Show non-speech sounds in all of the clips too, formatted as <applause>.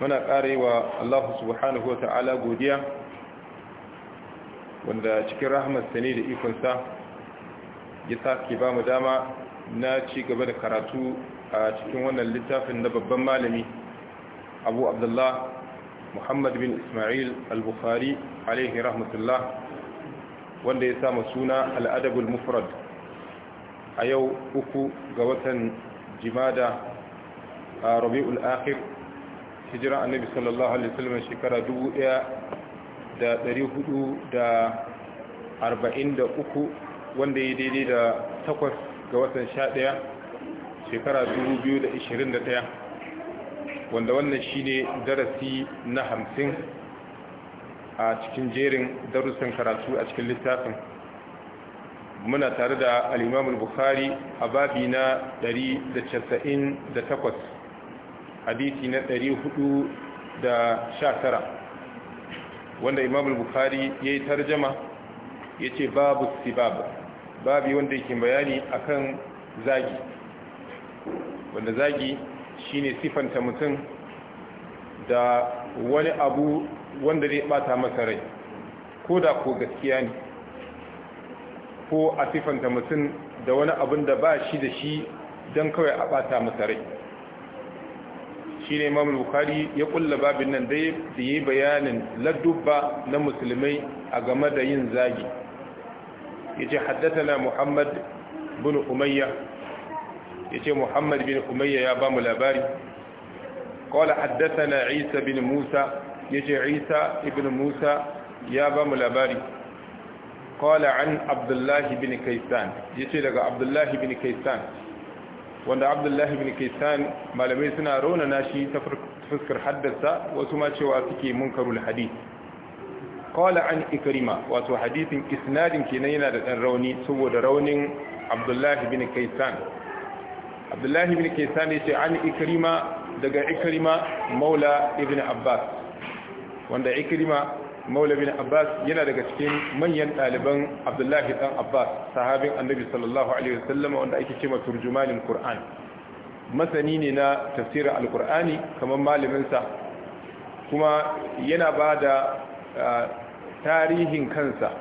muna karewa Allah subhanahu wa ta'ala godiya wanda cikin rahmarsa ne da ikonsa ya sake ba mu dama na ci gaba da karatu a cikin wannan littafin na babban malami abu abdullah muhammad bin ismail al-bukhari alaihi rahmatullah wanda ya samu suna al'adabul mufrad a yau uku ga watan jimada a rabi'ul akhir hijiran annabi sallallahu alaihi wasallam shekara 1443 wanda ya daidai da takwas ga watan 11 shekara 2021 wanda wannan shine darasi na hamsin a cikin jerin darussan karatu a cikin littafin muna tare da al-imam al-bukhari a babi na 198 hadisi na ɗari da tara wanda imam bukhari ya yi tarjama ya ce babu sibab babu wanda yake bayani akan zagi wanda zagi shi ne sifanta mutum da wani abu wanda zai bata masa rai ko da ko gaskiya ne ko a sifanta mutum da wani abin da ba shi da shi don kawai a bata masa rai shi ne imam bukhari ya kulla babin nan da yi bayanin ladubba na musulmai a game da yin zagi ya ce haddatana muhammad bin umayya ya ce muhammad bin umayya ya ba mu labari kawala haddatana isa bin musa ya ce isa ibn musa ya ba mu labari kawala an abdullahi bin kaisan ya ce daga abdullahi bin kaisan wanda abdullahi bin kaisan malamai suna raunana shi ta fuskar haddasa wasu ma cewa suke munkarul hadith qala an ikrima wato hadithin isnadin kenan yana da dan rauni saboda raunin abdullahi bin kaisan abdullahi bin kaisan yace an ikrima daga ikrima maula ibn abbas wanda ikrima maula bin abbas yana daga cikin manyan ɗaliban abdullahi ɗan abbas sahabin annabi sallallahu alaihi wanda ake cewa turjumanin qur'an masani ne na tafsirin alqur'ani kamar malaminsa kuma yana ba da tarihin kansa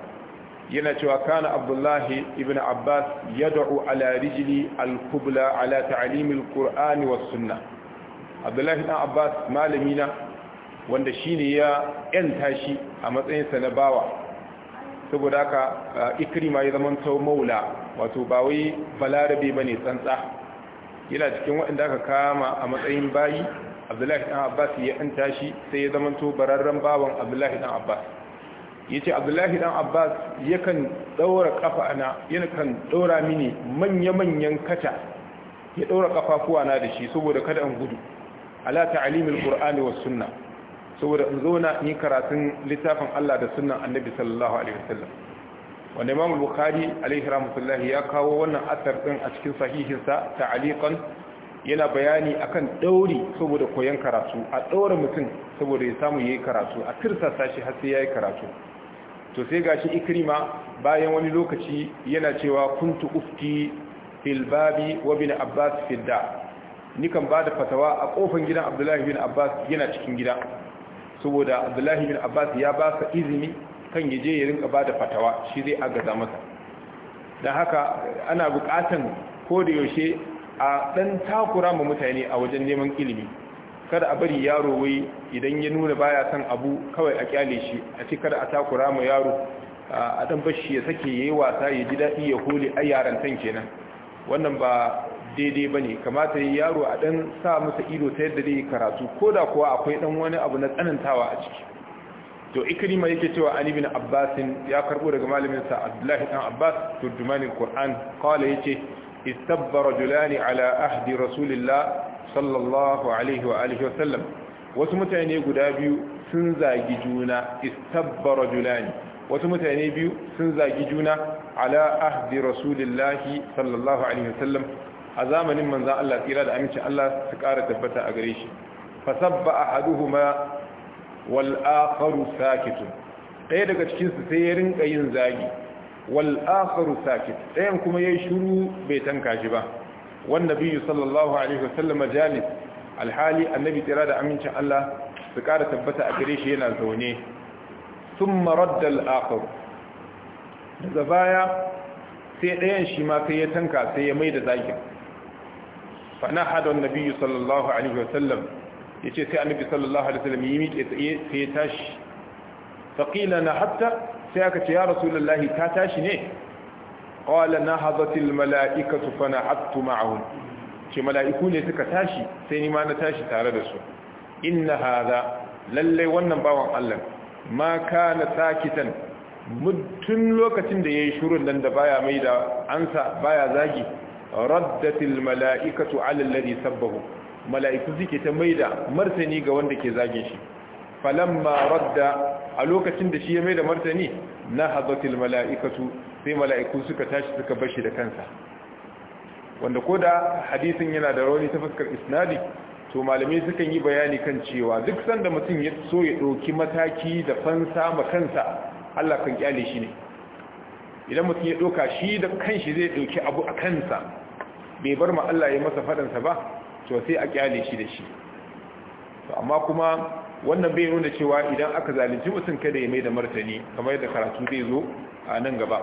yana cewa kana abdullahi ibn abbas yad'u ala rijili al ala ta'alimin al-qur'ani was sunnah abdullahi dan abbas malamina wanda shine ya yanta shi a matsayinsa na bawa saboda haka ikrima ya zama to maula wato ba wai balarabe ne tsantsa yana cikin waɗanda aka kama a matsayin bayi abdullahi dan abbas ya ɗan tashi sai ya zama to bararren bawan abdullahi dan abbas yace abdullahi dan abbas ya kan daura kafa na kan daura mini manya-manyan kata ya daura kafafuwa na da shi saboda kada in gudu ala ta'limil qur'ani was sunnah saboda in zauna in yi karatun littafin Allah da sunan annabi sallallahu alaihi wasallam wanda imam bukhari alaihi rahmatullahi ya kawo wannan asar din a cikin sahihinsa ta'aliqan yana bayani akan dauri saboda koyon karatu a daura mutum saboda ya samu yayi karatu a tirsa shi har sai yayi karatu to sai gashi ikrima bayan wani lokaci yana cewa kuntu ufti fil babi wa bin abbas fil da nikan bada fatawa a kofan gidan abdullahi bin abbas yana cikin gida saboda abdullahi bin abbas ya ba sa izini kan yaje ya rinka ba da fatawa shi zai agaza masa don haka ana bukatan ko da yaushe a dan takura ma mutane a wajen neman ilimi kada a bari yaro wai idan ya nuna baya son abu kawai a kyale shi a ce kada a takura ma yaro a dan bashi ya sake yayi wasa ya ji dadi ya hole ai yaran kenan wannan ba daidai ba ne kamata yi yaro a ɗan sa masa ido ta yadda zai karatu ko da kuwa akwai ɗan wani abu na tsanantawa a ciki to ikrima yake cewa an ibn abbasin ya karbo daga malamin sa abdullahi ɗan abbas turjumanin qur'an qala yace istabba julani ala ahdi rasulillah sallallahu alaihi wa alihi wa sallam wasu mutane guda biyu sun zagi juna istabba julani wasu mutane biyu sun zagi juna ala ahdi rasulillahi sallallahu alaihi wa sallam a zamanin manzan Allah tsira da amincin Allah su ƙara tabbata a gare shi fasabba ahaduhuma wal akharu sakitu ɗaya daga cikinsu sai ya rinka yin zagi wal sakitu ɗayan kuma ya yi shuru bai tanka shi ba wanda biyu sallallahu alaihi wasallam jalis alhali annabi tsira da amincin Allah su ƙara tabbata a gare shi yana zaune Sun maradda al daga baya sai ɗayan shi ma sai ya tanka sai ya mai da zagin fa na hada sallallahu alaihi wasallam ce sai annabi sallallahu alaihi wasallam yi miƙe tsaye sai ya tashi Faƙila na hatta sai aka ce ya rasulullahi ta tashi ne qala nahazatil malaikatu fa nahattu ma'ahum ce mala'iku ne suka tashi sai ni ma na tashi tare da su inna haza lallai wannan bawan Allah ma kana sakitan mutun lokacin da yayi shurin nan da baya mai da ansa baya zagi raddatil mala'ikatu ala alladhi sabbahu mala'iku zike ta maida martani ga wanda ke zage shi falamma radda a lokacin da shi ya maida martani nahadatil mala'ikatu sai mala'iku suka tashi suka bashi da kansa wanda koda hadisin yana da rauni ta fuskar isnadi to malamai sukan yi bayani kan cewa duk sanda mutum ya so ya ɗauki mataki da fansa ma kansa Allah kan kyale shi ne idan mutum ya ɗauka shi da kanshi zai ɗauki abu a kansa bai bar ma Allah ya masa fadansa ba to sai a kyale shi da shi to amma kuma wannan bai nuna cewa idan aka zalunci mutum kada ya mai da martani kamar yadda karatu zai zo a nan gaba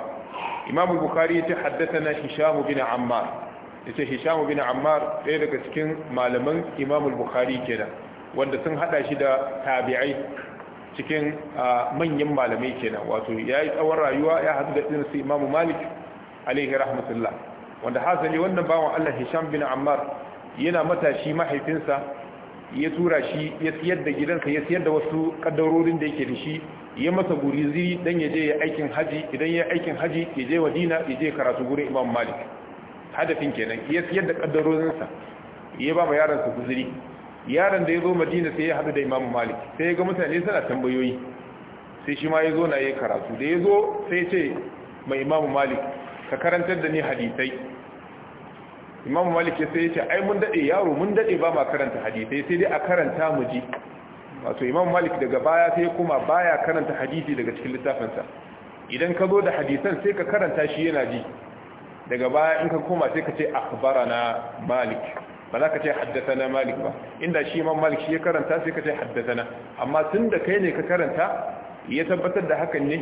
imamu bukari ya ce na hishamu bin ammar ya ce hishamu bin ammar ɗaya daga cikin malaman imamu bukari kenan wanda sun hada shi da tabi'ai cikin manyan malamai kenan wato ya yi tsawon rayuwa ya hadu da ɗinsu imamu malik alaihi rahmatullah wanda hasali wannan bawan Allah Hisham bin Ammar yana matashi mahaifinsa ya tura shi ya siyar da gidansa ya siyar da wasu kaddarorin da yake da shi ya masa ziri dan ya je ya aikin haji idan ya aikin haji ya je Madina ya je karatu gurin Imam Malik hadafin kenan ya siyar da kaddarorinsa ya ba ma yaransa sa guzuri yaron da ya zo Madina sai ya hadu da Imam Malik sai ya ga mutane suna tambayoyi sai shi ma ya zo na yi karatu da ya zo sai ya ce mai imamu malik ka karantar da ni hadisai imam malik ya sai ya ce ai mun dade yaro mun dade ba ma karanta hadisi sai dai a karanta mu ji wato imam malik daga baya sai kuma baya karanta hadisi daga cikin littafinsa idan ka zo da hadisan sai ka karanta shi yana ji daga baya in ka koma sai ka ce akhbarana malik ba za ka ce haddathana malik ba inda shi imam malik shi ya karanta sai ka ce haddathana amma tun da kai ne ka karanta ya tabbatar da hakan ne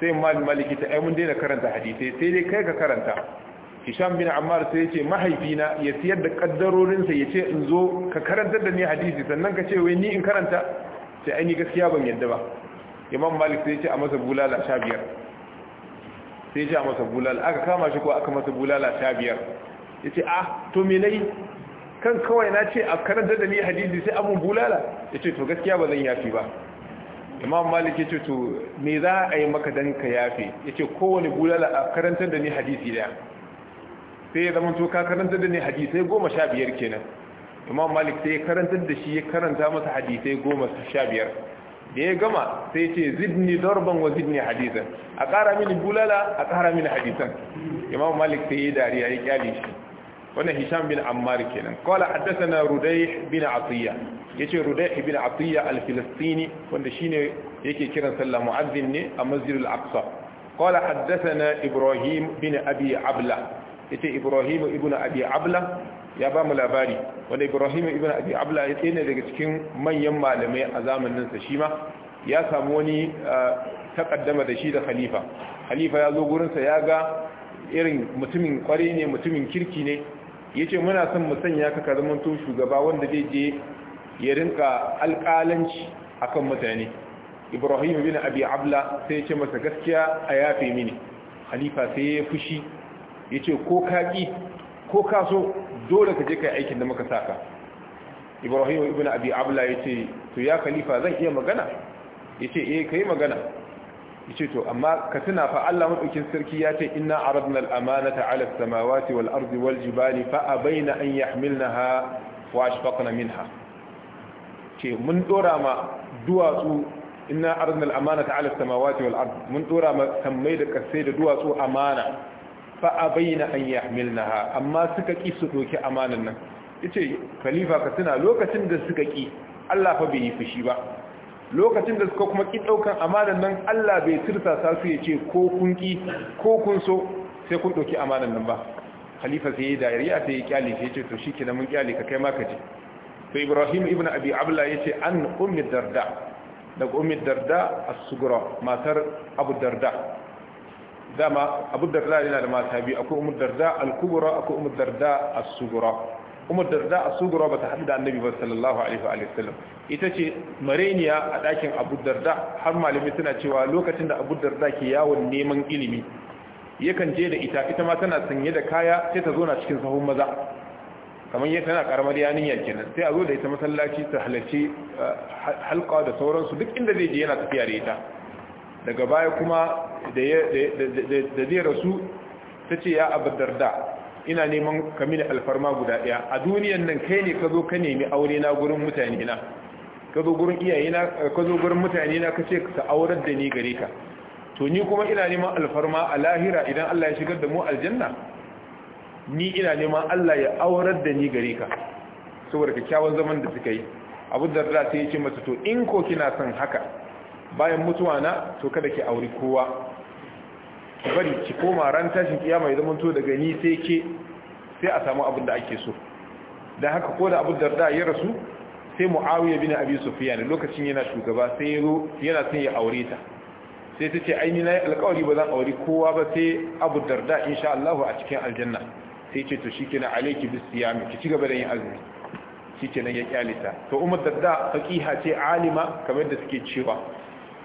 sai malik maliki ta ai mun daina karanta hadisi sai dai kai ka karanta hisham bin ammar sai ya ce mahaifina ya siyar da kaddarorinsa ya ce in zo ka karantar da ni hadisi sannan ka ce wai ni in karanta sai ai ni gaskiya ban yadda ba imam malik sai ya ce a masa bulala sha biyar sai ya ce a masa bulala aka kama shi ko aka masa bulala sha biyar ya ce ah to me nayi kan kawai na ce a karantar da ni hadisi sai abun bulala ya ce to gaskiya ba zan yafi ba imam malik ya ce to me za a yi maka dan ka yafe ya ce kowane bulala a karantar da ni hadisi daya sai ya zama to ka karanta da ne hadisai goma sha biyar kenan imam malik sai ya karanta da shi ya karanta masa hadisai goma sha biyar da ya gama sai ce zidni darban wa zidni hadisan a ƙara mini bulala a ƙara mini hadisan imam malik sai ya dariya ya yi kyale shi wannan hisham bin ammar kenan haddasa na Rudai bin Ya ce Rudai bin atiya al-filistini wanda ne yake kiran sallah mu'azzin ne a Masjid al aqsa qala haddathana ibrahim bin abi abla yace Ibrahim ibn Abi Abla ya ba mu labari wanda Ibrahim ibn Abi Abla ya tsene daga cikin manyan malamai a zamanin sa shi ma ya samu wani takaddama da shi da khalifa khalifa ya zo gurin ya ga irin mutumin kwari ne mutumin kirki ne yace muna son mu sanya ka ka shugaba wanda zai je ya rinka alkalanci akan mutane Ibrahim ibn Abi Abla sai ya ce masa gaskiya a yafe mini khalifa sai ya fushi ya ce ko kaƙi ko kaso dole ka je ka aikin da muka saka ibrahim ibn abi abla ya ce to ya khalifa zan iya magana ya ce eh ka yi magana ya ce to amma ka tuna fa allah maɗaukin sarki ya ce inna aradna al'amanata ala samawati wal ardi wal jibali fa abaina an yahmilnaha wa ashfaqna minha ce mun dora ma duwatsu inna aradna ta ala samawati wal ardi mun dora ma sammai da kasai da duwatsu amana fa abaina an ha amma suka ki su ɗoki amanan nan yace khalifa ka suna lokacin da suka ki Allah fa bai yi fushi ba lokacin da suka kuma ki ɗaukan amanan nan Allah bai tirsa sa su ce ko kun ki ko kun so sai kun ɗoki amanan nan ba khalifa sai da riya sai kyale sai yace to shikenan mun kyale ka kai ma ka ji to Ibrahim ibn Abi Abla ce an ummi darda daga ummi darda a sugra matar Abu Darda dama abu darda yana da mata biyu akwai umar darda al akwai umar darda as-sugura umar darda as-sugura ta haɗu da annabi ba sallallahu alaihi wa sallam ita ce mareniya a ɗakin abu darda har malami tana cewa lokacin da abu darda ke yawon neman ilimi yakan je da ita ita ma tana sanye da kaya sai ta zo na cikin sahun maza kamar yadda tana karamar yaninya kenan sai a zo da ita masallaci ta halarci eh, halka da sauransu duk inda zai je yana tafiya da ita daga baya kuma da zai rasu ta ce ya abu darda ina neman kamini alfarma guda ɗaya a duniyan nan kai ne ka zo ka nemi aure na gurin mutane na ka zo gurin iyaye na ka zo gurin mutane na ka ce ka aurar da ni gare ka to ni kuma ina neman alfarma a lahira idan Allah ya shigar da mu aljanna ni ina neman Allah ya aurar da ni gare ka saboda kyakkyawan zaman da suka yi abu darda ta yi ce mata to in ko kina son haka bayan mutuwa na to kada ki auri kowa ki bari ki koma ran tashin kiyama mun zamanto daga ni sai ke sai a samu abin da ake so dan haka ko da Abu Darda ya rasu sai Muawiya bin Abi Sufyan lokacin yana shugaba sai yazo yana son ya aure ta sai tace ce ni na yi alkawari ba zan aure kowa ba sai abu darda insha Allah a cikin aljanna sai ce to shikenan alayki bis siyam ki ci da yin azumi shikenan ya kyalita to umar darda faqiha ce alima kamar da suke cewa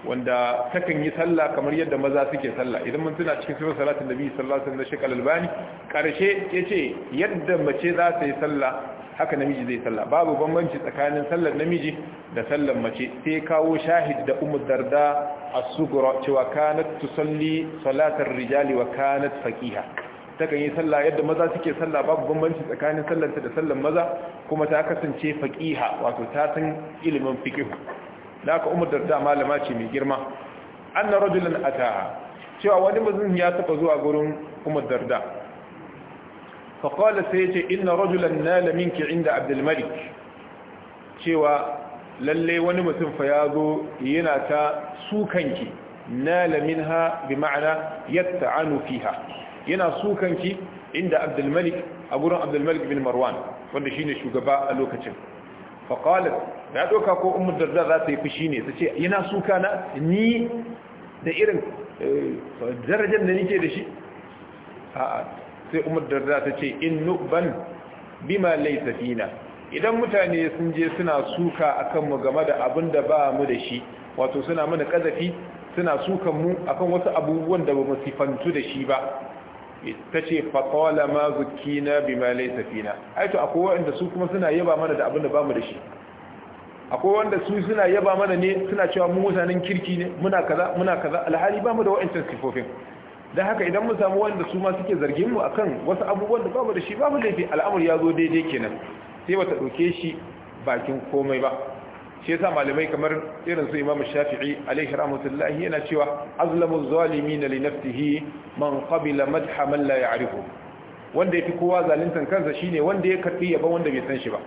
wanda takan yi sallah kamar yadda maza suke sallah idan mun tuna cikin sura salatin nabi sallallahu alaihi wasallam na albani karshe yace yadda mace za ta yi sallah haka namiji zai sallah babu bambanci tsakanin sallar namiji da sallar mace sai kawo shahid da Ummu Darda as-Sughra cewa kanat tusalli salatar rijali wa kanat faqiha takan yi sallah yadda maza suke sallah babu bambanci tsakanin sallarta da sallar maza kuma ta kasance faqiha wato ta san ilimin fiqh da aka umar darda malama ce mai girma an na a ata cewa wani mazin ya taba zuwa gurin umar darda faƙwala sai ce ina rajulan na laminki inda abdulmalik cewa lallai wani mutum fa ya zo yana ta sukanki na ha bi ma'ana yadda anu ha yana sukanki inda abdulmalik a gurin abdulmalik bin marwan wanda shine shugaba a lokacin faƙalar na doka ko Umar darda za ta yi fushi ne ta ce yana suka na ni da irin eh, darajar da nike da shi a'a sai Umar darda ta ce in nuban bima laysa fina idan mutane sun je suna suka akan mu game da abin da ba mu da shi wato suna mana kazafi suna sukan mu akan wasu abubuwan da ba mu sifantu da shi ba ta ce faƙawala ma zukina bi ma laisa fina akwai waɗanda su kuma suna yaba mana da abin da mu da shi akwai wanda su suna yaba mana ne suna cewa mu mutanen kirki ne muna kaza muna kaza alhali ba mu da wa'ancan sifofin dan haka idan mu samu wanda su ma suke zargin mu akan wasu abubuwan da babu da shi babu laifi al'amur ya zo daidai kenan sai bata dauke shi bakin komai ba shi yasa malamai kamar irin su Imam Shafi'i alaihi rahmatullahi yana cewa azlamu zalimin li nafsihi man qabila madha man la ya'rifu wanda yafi kowa zaluntar kansa shine wanda ya karbi yaba wanda bai san shi ba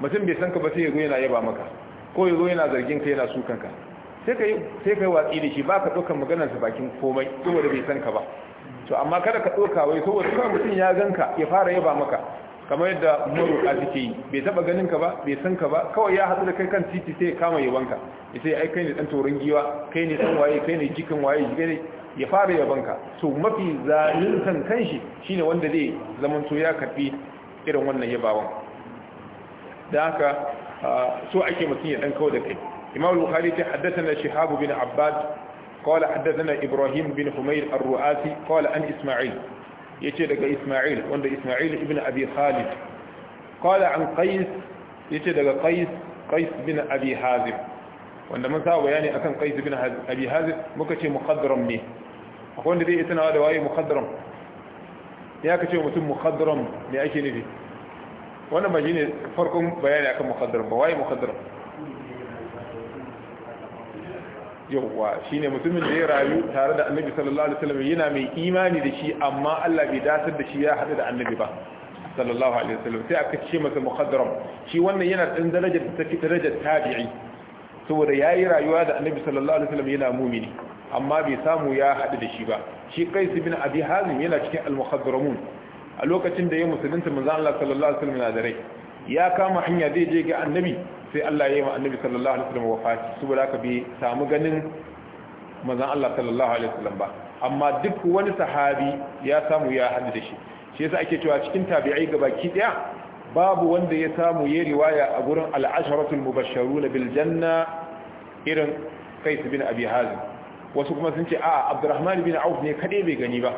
mutum bai san ka ba sai ya zo yana yaba maka ko ya zo yana zargin ka yana sukan ka sai ka sai ka watsi da shi ba ka ɗaukar maganar sa bakin komai saboda bai san ka ba to amma kada ka ɗauka wai saboda kawai mutum ya ganka ya fara yaba maka kamar yadda maroƙa suke yi bai taba ganin ka ba bai san ka ba kawai ya hadu da kai kan titi sai ya kama yabanka ya sai ai kai ne ɗan toron giwa kai ne ɗan waye kai ne jikin waye ya fara yabanka to mafi zalintan kanshi shine wanda zai zaman zamanto ya karbi irin wannan yabawan da haka so ake mutum ya dan kawo da kai imam al-bukhari ta haddathana shihab bin abbad qala haddathana ibrahim bin humayr ar-ru'asi qala an isma'il yace daga isma'il wanda isma'il ibn abi khalid qala an qais yace daga qais qais bin abi hazim wanda mun sa bayani akan qais bin abi hazim muka ce muqaddaram ne akwai wanda zai yi tunawa da waye muqaddaram ya kace mutum muqaddaram me ake nufi wannan ba shine farkon bayani akan muqaddar ba waye muqaddar yawwa shine mutumin da ya rayu tare da annabi sallallahu alaihi wasallam yana mai imani da shi amma Allah bai dasar da shi ya hadu da annabi ba sallallahu alaihi wasallam sai aka ce masa muqaddaram shi wannan yana dan darajar ta fi darajar tabi'i saboda yayi rayuwa da annabi sallallahu alaihi wasallam yana mumini amma bai samu ya hadu da shi ba shi qais bin abi hazim yana cikin al-muqaddaramun a lokacin da ya musulunta manzo Allah sallallahu alaihi wasallam da rai ya kama hanya zai je ga annabi sai Allah ya yi wa annabi sallallahu alaihi wasallam wafati saboda ka bi samu ganin manzo Allah sallallahu alaihi wasallam ba amma duk wani sahabi ya samu ya hadu da shi shi yasa ake cewa cikin tabi'ai gabaki daya babu wanda ya samu ya riwaya a gurin al-asharatul mubashsharuna bil janna irin kai bin Abi Hazim wasu kuma sun ce a'a Abdurrahman bin Auf ne kade bai gani ba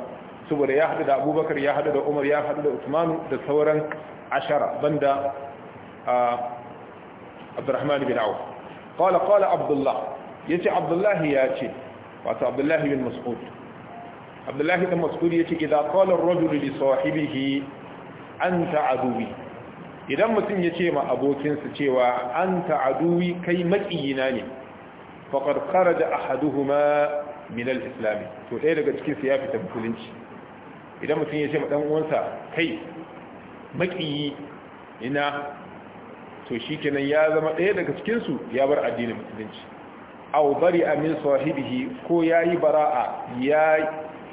saboda ya haɗu da abubakar ya haɗu da umar ya haɗu da usmanu da sauran ashara banda abdurrahman bin auf qala qala abdullah ce abdullah ya ce wato abdullah bin mas'ud abdullah bin mas'ud yace idza qala ar-rajul li sahibihi anta aduwi idan mutum ya ce ma abokinsa cewa anta aduwi kai makiyina ne faqad da ahaduhu ma al-islam to ɗaya daga cikin ya fita musulunci idan mutum ya ce ma uwansa kai makiyi ina to shi kenan ya zama ɗaya daga cikin su ya bar addinin musulunci aw bari amin sahibihi ko yayi bara'a ya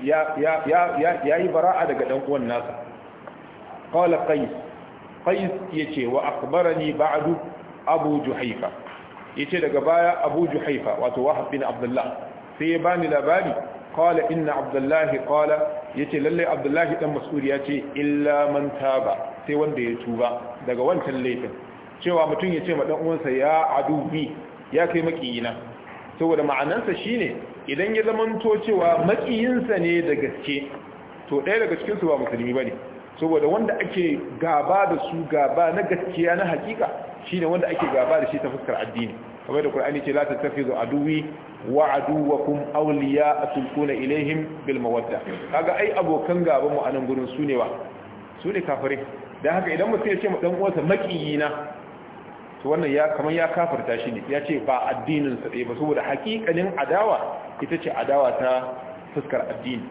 ya ya bara'a daga dan uwan nasa qala qais qais yace wa akhbarani ba'du abu juhaifa yace daga baya abu juhaifa wato wahab bin abdullah sai ya bani labari qala inna abdullahi ya ce lallai abdullahi dan mas'ud yace illa man taba sai wanda ya tuba daga wancan laifin cewa mutum ya ce ma dan uwansa ya adubi ya kai makiyina saboda ma'anarsa shine idan ya zamanto cewa makiyinsa ne da gaske to ɗaya daga cikin su ba musulmi ba ne saboda wanda ake gaba da su gaba na gaskiya na hakika ne wanda ake gaba da shi ta fuskar addini kamar da qur'ani ce la ga aduwi wa aduwakum awliya atulquna ilaihim bil mawadda kaga ai abokan gaban mu anan gurin su ne wa su ne kafire dan haka idan mutum ya ce mu dan uwansa makiyina to wannan ya kamar ya kafirta shi ne ya ce ba addinin sa ba saboda hakikanin adawa ita ce adawa ta fuskar addini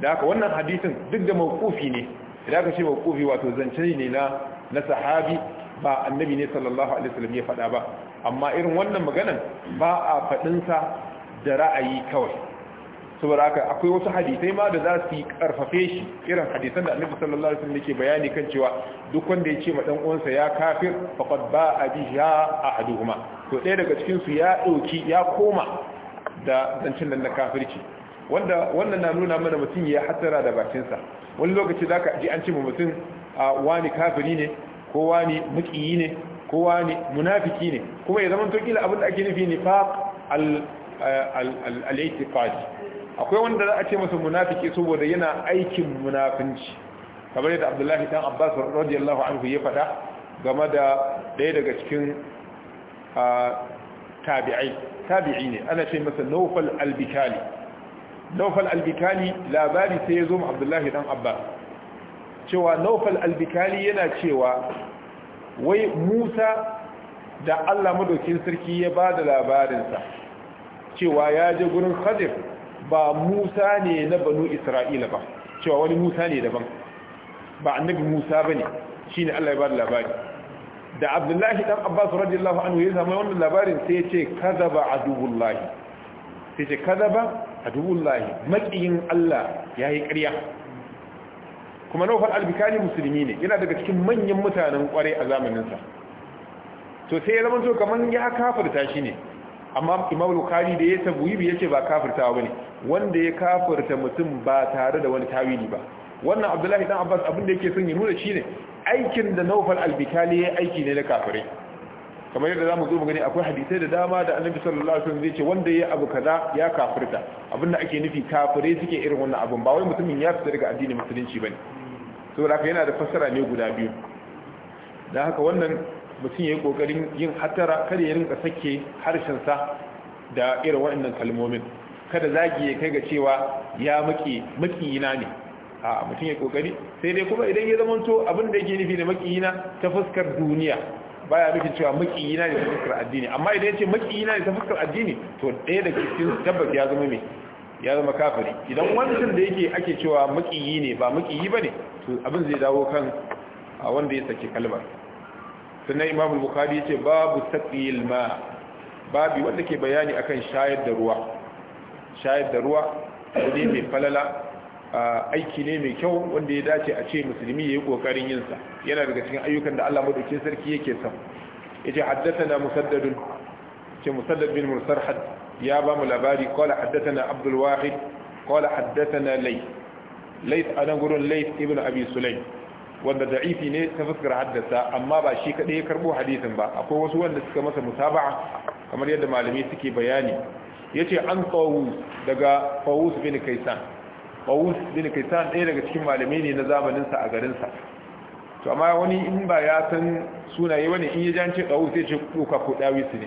da haka wannan hadisin duk da mawqufi ne idan ka ce mawqufi wato zance ne na na sahabi ba annabi ne sallallahu alaihi wasallam ya faɗa ba amma irin wannan maganan ba a faɗinsa da ra'ayi kawai saboda haka akwai wasu hadisai ma da za su yi karfafe shi irin hadisan da annabi sallallahu alaihi wasallam yake bayani kan cewa duk wanda ya ce ma dan uwansa ya kafir faqad ba'a biha ahaduhuma to ɗaya daga cikin su ya dauki ya koma da zancin nan na kafirci wanda wannan na nuna mana mutum ya hatsara da bakinsa wani lokaci zaka ji an ce ma mutum ah, wani kafiri ne ko wani muƙiyi ne kowa ne munafiki ne kuma ya zaman tokila abin da ake nufi nifaq al-i'tiqadi akwai wanda za a ce masa munafiki saboda yana aikin munafinci kamar yadda Abdullahi dan Abbas radiyallahu anhu ya fada game da ɗaya daga cikin tabi'ai tabi'i ne ana ce masa Nawfal albikali bikali Nawfal labari sai ya zo Abdullahi dan Abbas cewa Nawfal albikali yana cewa wai musa da allah madaukin sarki ya ba da labarinsa cewa ya je gurin khadir ba musa ne na banu isra'ila ba cewa wani musa ne daban ba annabi musa ba ne shi ne allah ya ba da labari da abdullahi dan abbas radiyallahu anhu ya zama wannan labarin sai ya ce kazaba adubullahi sai ce kada ba kazaba adubullahi makiyin allah ya yi ƙarya kuma naufal albikani musulmi ne yana daga cikin manyan mutanen kwarai a zamaninsa to sai ya zama to kamar ya kafirta shi ne amma imam bukari da ya tabuyi ya ce ba ba ne wanda ya kafirta mutum ba tare da wani tawili ba wannan abdullahi dan abbas abin da yake son ya nuna shine aikin da naufal albikali ya aiki ne na kafirai kamar yadda zamu zo mu gani akwai hadisai da dama da annabi sallallahu alaihi wasallam zai ce wanda yayi abu kaza ya kafirta abinda ake nufi kafirai suke irin wannan abun ba wai mutumin ya fita daga addinin musulunci bane saboda haka yana da fassara ne guda biyu Da haka wannan mutum ya yi kokarin yin hatara kada ya rinka sake harshensa da irin waɗannan kalmomin kada zagi ya kai ga cewa ya maki makiyina ne a mutum ya kokari sai dai kuma idan ya zamanto abin da yake nufi da makiyina ta fuskar duniya baya nufin cewa makiyina ne ta fuskar addini amma idan ya ce makiyina ne ta fuskar addini to ɗaya da cikin tabbas ya zama mai ya zama kafiri idan wancan da yake ake cewa makiyi ne ba makiyi ba ne to abin zai dawo kan a wanda ya saki kalmar suna imam bukhari ya ce babu saqil ma babi wanda ke bayani akan shayar da ruwa shayar da ruwa ne mai falala aiki ne mai kyau wanda ya dace a ce musulmi ya yi kokarin yinsa. yana daga cikin ayyukan da Allah madaukakin sarki yake son na haddathana musaddad ce musaddad bin ya ba mu labari qala haddathana abdul wahid qala haddathana layth a nan gurin layth ibn abi sulaym wanda da'ifi ne ta fuskar haddasa amma ba shi kaɗai ya karbo hadisin ba akwai wasu wanda suka masa mutaba'a kamar yadda malami suke bayani yace an qawus daga qawus bin kaisan qawus bin kaisan ɗaya daga cikin malami ne na zamanin sa a garinsa to amma wani in ba ya san sunaye wani in ya jance qawus ya ce kuka ko dawis ne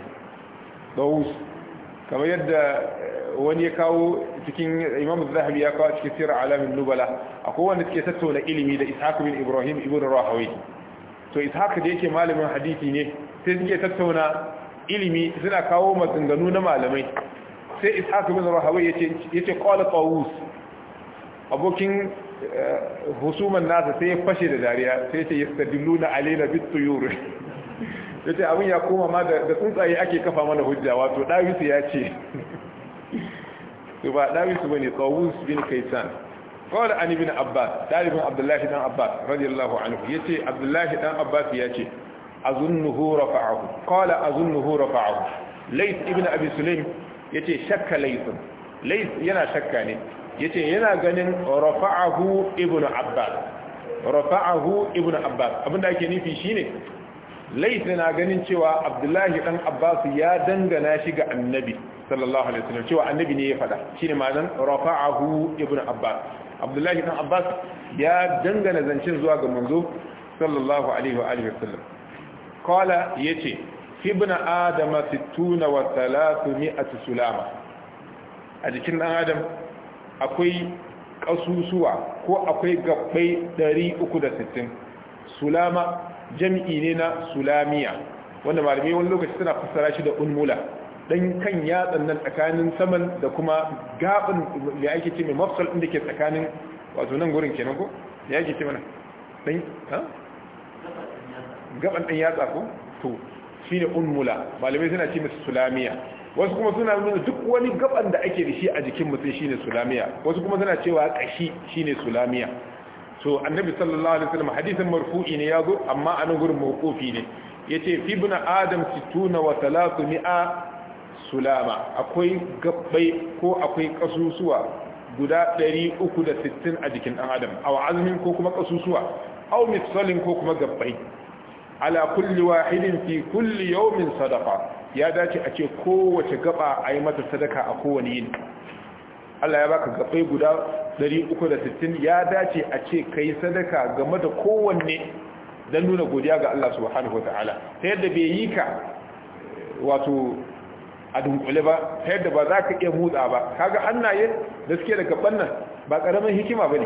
kamar yadda eh, wani ya kawo cikin imam zahabi ya kawo cikin sirar alamin nubala akwai wanda suke tattauna ilimi da ishaq bin ibrahim ibn rahawi to ishaq da yake malamin hadisi ne sai suke tattauna ilimi suna kawo maganganu na malamai sai ishaq bin rahawi yace ce qala tawus abokin eh, husuman nasa sai ya fashe da dariya sai ya ce na alaina bit tuyur <laughs> ya ce abin ya koma ma da tsuntsaye ake kafa mana hujja wato ɗawisu ya ce su ba ɗawisu ba ne tsawus bin kaisan kawai an ibn abbas ɗalibin abdullahi dan abbas radiyallahu anhu ya ce abdullahi dan abbas ya ce azunnuhu rafa'ahu kawai azunnuhu rafa'ahu lais ibn abi sulaim ya ce shakka laisun lais yana shakka ne ya ce yana ganin rafa'ahu ibn abbas rafa'ahu ibn abbas abinda ake nufi shine laifin na ganin cewa abdullahi dan abbas ya dangana shi ga annabi sallallahu alaihi wasallam cewa annabi ne ya fada shine nan rafa'ahu ibn abbas abdullahi dan abbas ya dangana zancin zuwa ga manzo sallallahu alaihi wa alihi wasallam qala yace ibn adama 60 wa 300 sulama a jikin dan adam akwai kasusuwa ko akwai gabbai 360 sulama jami'i ne na sulamiya wanda malamai wani lokaci suna fassara shi da unmula dan kan yatsan nan tsakanin saman da kuma gabin da ake ce mai mafsal din dake tsakanin wato nan gurin kenan ko ya ake ce mana dan ha gaban dan yatsa ko to shine unmula malamai suna ce masa sulamiya wasu kuma suna nuna duk wani gaban da ake da shi a jikin mutum shine sulamiya wasu kuma suna cewa kashi shine sulamiya to annabi sallallahu alaihi wasallam hadisin marfu'i ne yazo amma anan gurin mawqufi ne yace fi ibn adam 60 wa 300 sulama akwai gabbai ko akwai kasusuwa guda 360 a jikin dan adam aw azmin ko kuma kasusuwa aw mitsalin ko kuma gabbai ala kulli wahidin fi kulli yawmin sadaqa ya dace a ce kowace gaba a yi mata sadaka a kowane yini Allah ya baka gafai guda 360 ya dace a ce kai sadaka game da kowanne don nuna godiya ga Allah subhanahu wataala ta yadda bai yi ka wato a dunkule ba ta yadda ba za ka iya motsa ba kaga hannaye da suke da gaban nan ba karamin hikima bane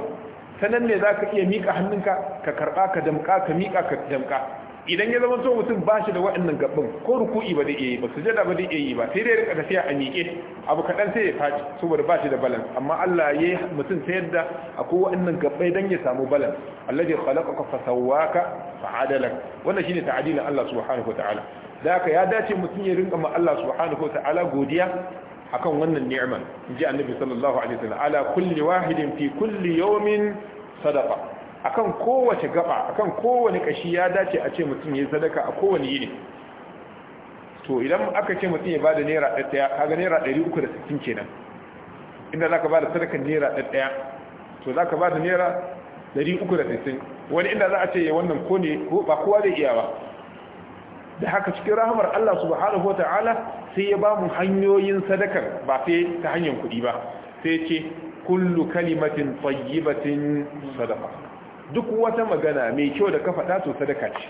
sanan ne za ka iya mika hannunka ka karɓa ka damƙa ka miƙa ka damƙa idan ya zama so mutum ba shi da waɗannan gaɓin ko ruku'i ba da iya yi ba da ba da iya yi ba sai dai rika tafiya a miƙe abu kaɗan sai ya faɗi saboda ba shi da balan amma Allah ya yi mutum ta yadda ko waɗannan gaɓai dan ya samu balance alladhi khalaqaka ka sawwaka fa adalak wannan shine ta'adilin Allah subhanahu ta'ala da haka ya dace mutum ya rinka ma Allah subhanahu ta'ala godiya akan wannan ni'imar inji annabi sallallahu alaihi wasallam ala kulli wahidin fi kulli yawmin sadaqa akan kowace gaba akan kowane kashi ya dace a ce mutum ya sadaka a kowane yini to idan aka ce mutum ya bada naira ɗaya kaga naira 360 kenan inda zaka bada sadakan naira ɗaya to zaka bada naira 360 wani inda za a ce wannan ko ne ko ba kowa zai iya ba da haka cikin rahamar Allah subhanahu wataala sai ya ba mu hanyoyin sadakar ba sai ta hanyar kuɗi ba sai ce kullu kalimatin tayyibatin sadaqa duk wata magana mai kyau da ka faɗa to sadaka ce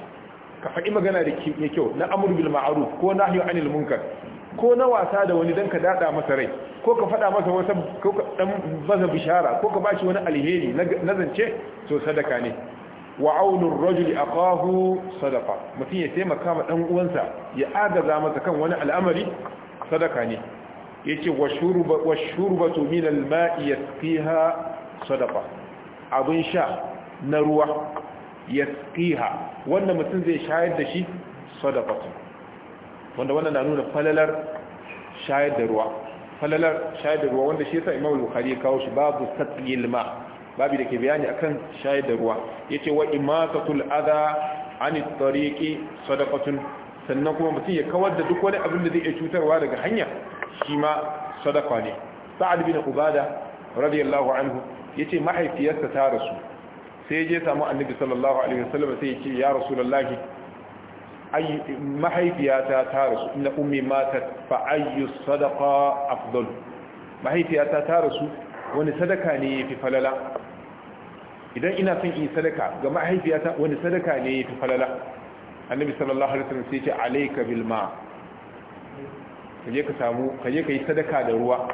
ka faɗi magana da ke kyau na amur bil ma'ruf ko nahyu anil munkar ko na wasa da wani dan ka dada masa rai ko ka faɗa masa wata ko ka dan baza bishara ko ka bashi wani alheri na zance to sadaka ne wa aunur rajuli aqahu sadaqa mutum ya taimaka ma dan uwansa ya agaza masa kan wani al'amari sadaka ne yace wa shurbatu min al-ma'i yasqiha sadaqa abin sha na ruwa yasqiha wanda mutum zai shayar da shi sadaqatu wanda wannan na nuna falalar shayar da ruwa falalar shayar da ruwa wanda shi yasa Imam Bukhari ya kawo shi babu satyil ma babu dake bayani akan shayar da ruwa yace wa imatatul adha an at-tariqi sadaqatun sannan kuma mutum ya kawar da duk wani abin da zai iya cutarwa daga hanya shi ma sadaqa ne sa'ad bin ubada radiyallahu anhu yace mahaifiyarsa ta rasu sai je samu annabi sallallahu alaihi wasallam sai ya ce ya rasulullahi ay mahaifiyata ta rasu inna ummi matat fa ayyu sadaqa afdal mahaifiyata ta rasu wani sadaka ne yafi falala idan ina son in sadaka ga mahaifiyata wani sadaka ne yafi falala annabi sallallahu alaihi wasallam sai ya ce alayka bil ma kaje ka samu kaje kai sadaka da ruwa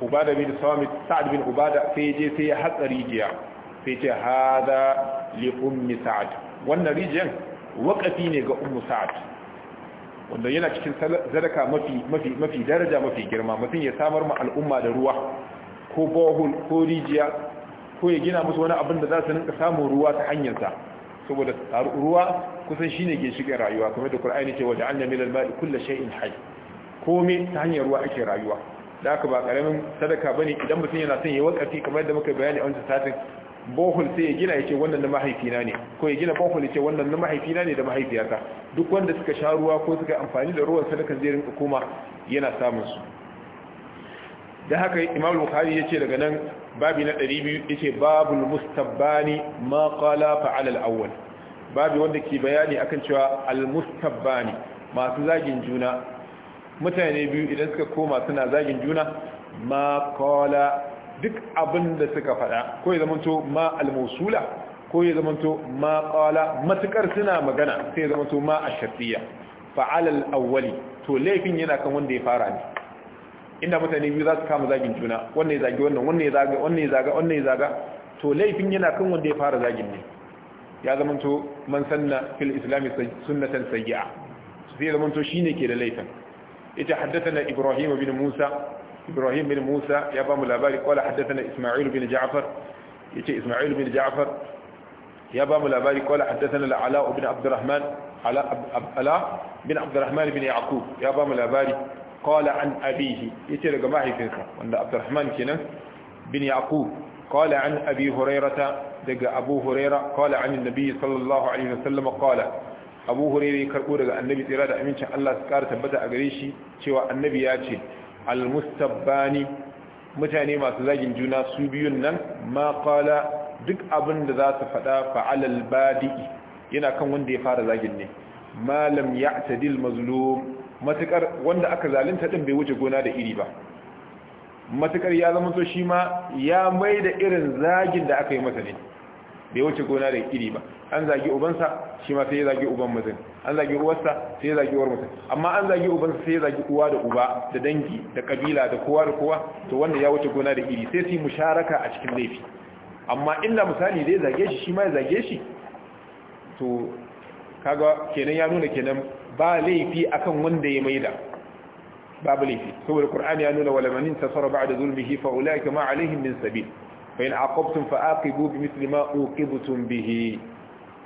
ubada bin samit sa'ad bin ubada sai je sai ya hatsari jiya sai hada li ummi sa'ad wannan rijiyan wakafi ne ga ummi sa'ad wanda yana cikin sadaka mafi mafi mafi daraja mafi girma mutum ya samar ma al'umma da ruwa ko bohol ko rijiya ko ya gina musu wani abin da za su rinka samun ruwa ta hanyar sa saboda ruwa kusan shine ke shiga rayuwa kamar da Qur'ani ce waje anna milal ma'i kullu shay'in hayy komai ta hanyar ruwa ake rayuwa da haka ba karamin sadaka bane idan mutum yana son yayi wakafi kamar yadda muka bayani a wancan satin bohol sai ya gina ya ce wannan na mahaifina ne ko ya gina bohol ya ce wannan na mahaifina ne da mahaifiyata duk wanda suka sha ruwa ko suka amfani da ruwan sadakan zai rinka koma yana samun su da haka imam bukhari yace daga nan babi na 200 yace babul mustabbani ma qala ala al-awwal babi wanda ke bayani akan cewa al-mustabbani masu zagin juna mutane biyu idan suka koma suna zagin juna ma qala duk abin da suka faɗa ko ya to ma al-mausula ko ya to ma qala matukar suna magana sai ya to ma ash-shartiyya fa'ala al-awwali to laifin yana kan wanda ya fara ne inda mutane biyu za su kama zagin juna wanne ya zagi wannan wanne ya zaga wanne ya zaga wanne ya zaga to laifin yana kan wanda ya fara zagin ne ya to man sanna fil islam sunnatan sayyi'a sai ya to shine ke da laifin ita haddathana ibrahim bin musa ibrahim bin musa ya ba mu labari kwallo haddathana isma'il bin ja'far yace isma'il bin ja'far ya ba labari kwallo haddathana ala bin abdurrahman bin yaqub ya ba labari qala an abihi yace daga mahaifinsa wanda abdurrahman kenan bin yaqub قال عن أبي هريرة دق أبو هريرة قال عن النبي صلى الله عليه وسلم قال أبو هريرة كربو دق النبي إرادة الله سكار تبتا أغريشي annabi ya ce. almustabbani mutane masu zagin juna su biyun nan ma qala duk abin da za su faɗa fa'alal badi yana kan wanda ya fara zagin ne malam ya'tadil mazlum matukar wanda aka zalunta din bai wuce gona da iri ba matukar ya zama so shi ma ya mai da irin zagin da aka yi masa ne bai wuce gona da iri ba an zagi ubansa shi ma sai ya zagi uban mutum an zagi uwarsa sai ya zagi uwar mutum amma an zagi ubansa sai ya zagi uwa da uba da dangi da kabila da kowa da kowa to wanda ya wuce gona da iri sai su yi musharaka a cikin laifi amma inda misali zai zage shi shi ma ya zage shi to kaga kenan ya nuna kenan ba laifi akan wanda ya maida babu laifi saboda qur'ani ya nuna walamanin tasara ba'da zulmihi fa ulaika ma alaihim min sabil fa in aqabtum fa aqibu bi mithli ma uqibtum bihi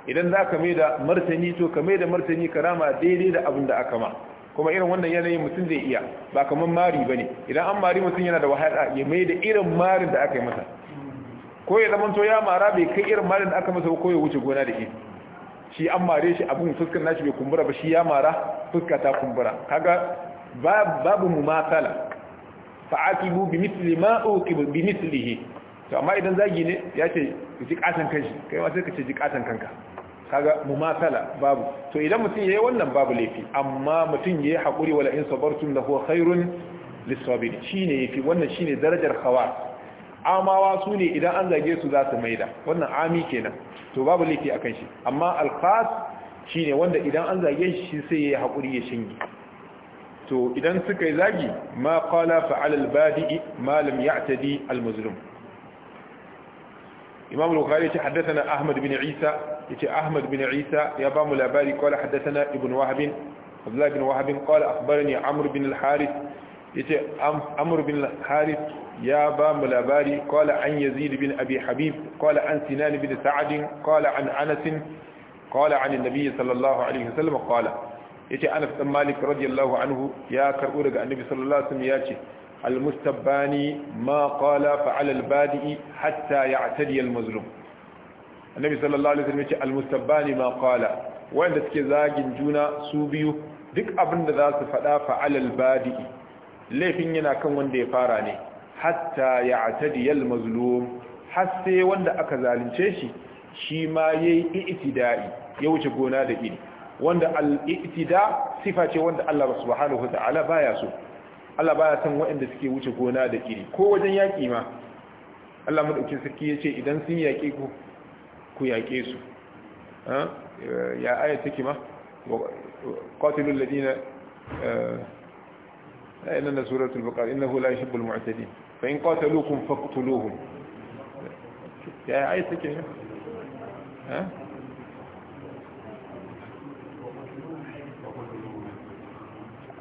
idan za ka mai da martani to ka mai da martani karama daidai da abin da aka ma kuma irin wannan yanayin mutum zai iya ba kamar mari ba ne idan an mari mutum yana da wahala ya mai da irin marin da aka yi masa ko ya zama to ya mara bai kai irin marin da aka masa ko ya wuce gona da iri shi an mare shi abin fuskar nashi bai kumbura ba shi ya mara fuska ta kumbura kaga babu mu matsala fa'aqibu bi mithli ma uqibu bi mithlihi to amma idan zagi ne ya ce ji kanshi kai ma sai ka ce ji kanka kaga mumasala babu to idan mutum yayi wannan babu laifi amma mutum yayi hakuri wala in sabartum lahu khairun lisabir shine yafi wannan shine darajar hawa amawa su ne idan an zage su za su maida wannan ami kenan to babu laifi akan shi amma alkhas shine wanda idan an zage shi sai yayi hakuri ya shinge to idan suka yi zagi ma qala fa alal badi ma lam ya'tadi al-mazlum imam al-bukhari yace haddathana ahmad bin isa yace ahmad bin isa ya ba mu labari kala haddathana ibn wahab abdullah bin wahab qala akhbarani amr bin al-harith yace amr bin al-harith ya ba mu labari qala an yazid bin abi habib qala an sinan bin sa'd qala an anas qala an an-nabi sallallahu alaihi wasallam qala yace anas bin malik radiyallahu anhu ya karbo daga annabi sallallahu alaihi wasallam yace المستباني ما قال ya البادئ حتى يعتدي المظلوم النبي صلى الله عليه وسلم يقول المستباني ما قال وين تسكي زاجن جونا سوبيو duk abinda da za su faɗa fa'alal badi'i laifin yana kan wanda ya fara ne hatta ya atadiyal mazlum har sai wanda aka zalunce shi shi ma ya yi itida'i ya wuce gona da iri wanda al'itida sifa ce wanda Allah subhanahu baya so Allah ba ya san waɗanda suke wuce gona da iri ko wajen yaƙi ma Allah maɗauki sarki ce idan sun yaƙe ku ku yaƙe su ya aya take ma qatilul ladina eh, eh, na suratul baqara innahu la yuhibbul mu'tadin fa in qataluukum faqtuluhum ya aya take ha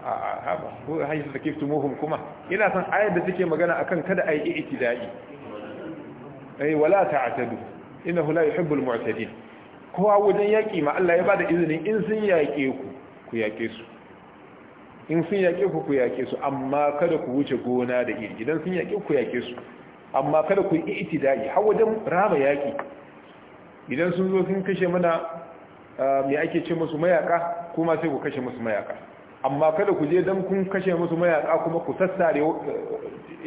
a haba ko haisu kuma ina san ayar da suke magana akan kada ai i'tidai ai eh, wala ta'tadu innahu la yuhibbul mu'tadin kowa wajen yaki ma Allah ya bada izinin in sun yake ku ku yake su in sun yake ku ku yake su amma kada ku wuce gona da iri idan sun yake ku yake su amma kada ku daɗi, har wajen rama yaki idan sun zo sun kashe mana ah, me ake ce musu mayaka kuma sai ku kashe musu mayaka amma kada ku je dan kun kashe musu mayaka kuma ku sassare eh,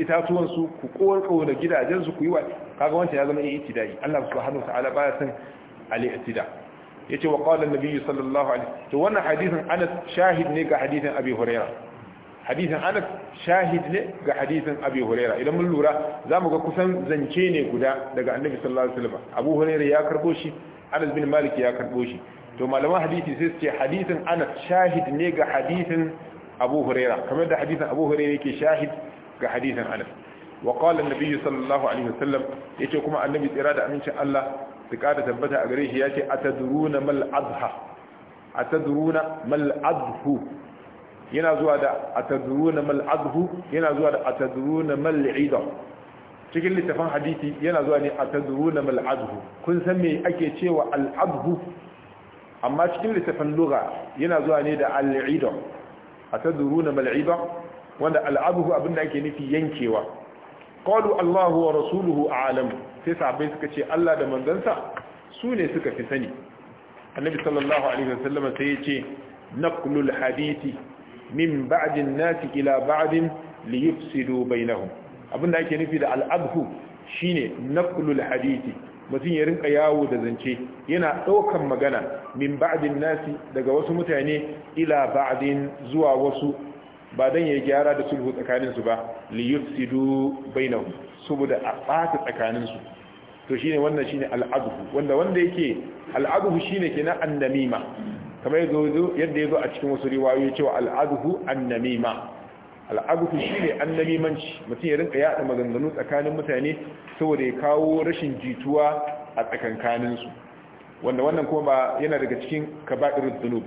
itatuwan su ku korko da gidajen su ku yi wa kaga wancan ya zama i'tidai Allah subhanahu wataala baya san al-i'tida yace wa qala an-nabi sallallahu alaihi to wannan hadisin Anas shahid ne ga hadisin Abi Huraira hadisin Anas shahid ne ga hadisin Abi Huraira idan mun lura zamu ga kusan zance ne guda daga Annabi sallallahu alaihi wasallam Abu Huraira ya karbo shi Anas bin Malik ya karbo shi to malaman hadisi sai su ce hadisin ana shahid ne ga hadisin abu huraira kamar da hadisin abu huraira yake shahid ga hadisin anas wa qala an-nabiy sallallahu alaihi wasallam yace kuma annabi tsira da amincin Allah tika da tabbata a gare shi yace atadruna mal adha atadruna mal adhu yana zuwa da atadruna mal adhu yana zuwa da atadruna mal ida cikin littafin hadisi yana zuwa ne atadruna mal adhu kun san me ake cewa al adhu amma cikin littafin lugha yana zuwa ne da a idam atadruna mal idam wanda al'abuhu abinda ake nufi yankewa qalu Allahu wa rasuluhu a'lam sai sahabbai suka ce Allah da manzansa su ne suka fi sani annabi sallallahu alaihi wasallam sai ya ce naqlul hadithi min ba'din nasi ila ba'din liyufsidu bainahum abinda ake nufi da al'abhu shine naqlul hadithi mutum ya rinka yawo da zance yana ɗaukan magana min ba'din nasi daga wasu mutane ila ba'din zuwa wasu ba dan ya gyara da sulhu tsakaninsu su ba li yufsidu saboda a ɓata tsakanin to shine wannan shine al'adu wanda wanda yake al'adu shine kenan annamima kamar yadda yazo a cikin wasu riwayoyi cewa al'adu annamima al'agufu shi ne annamimanci mutum ya rinka yaɗa maganganu tsakanin mutane saboda ya kawo rashin jituwa a tsakankaninsu wanda wannan kuma ba yana daga cikin kaba'irin zunub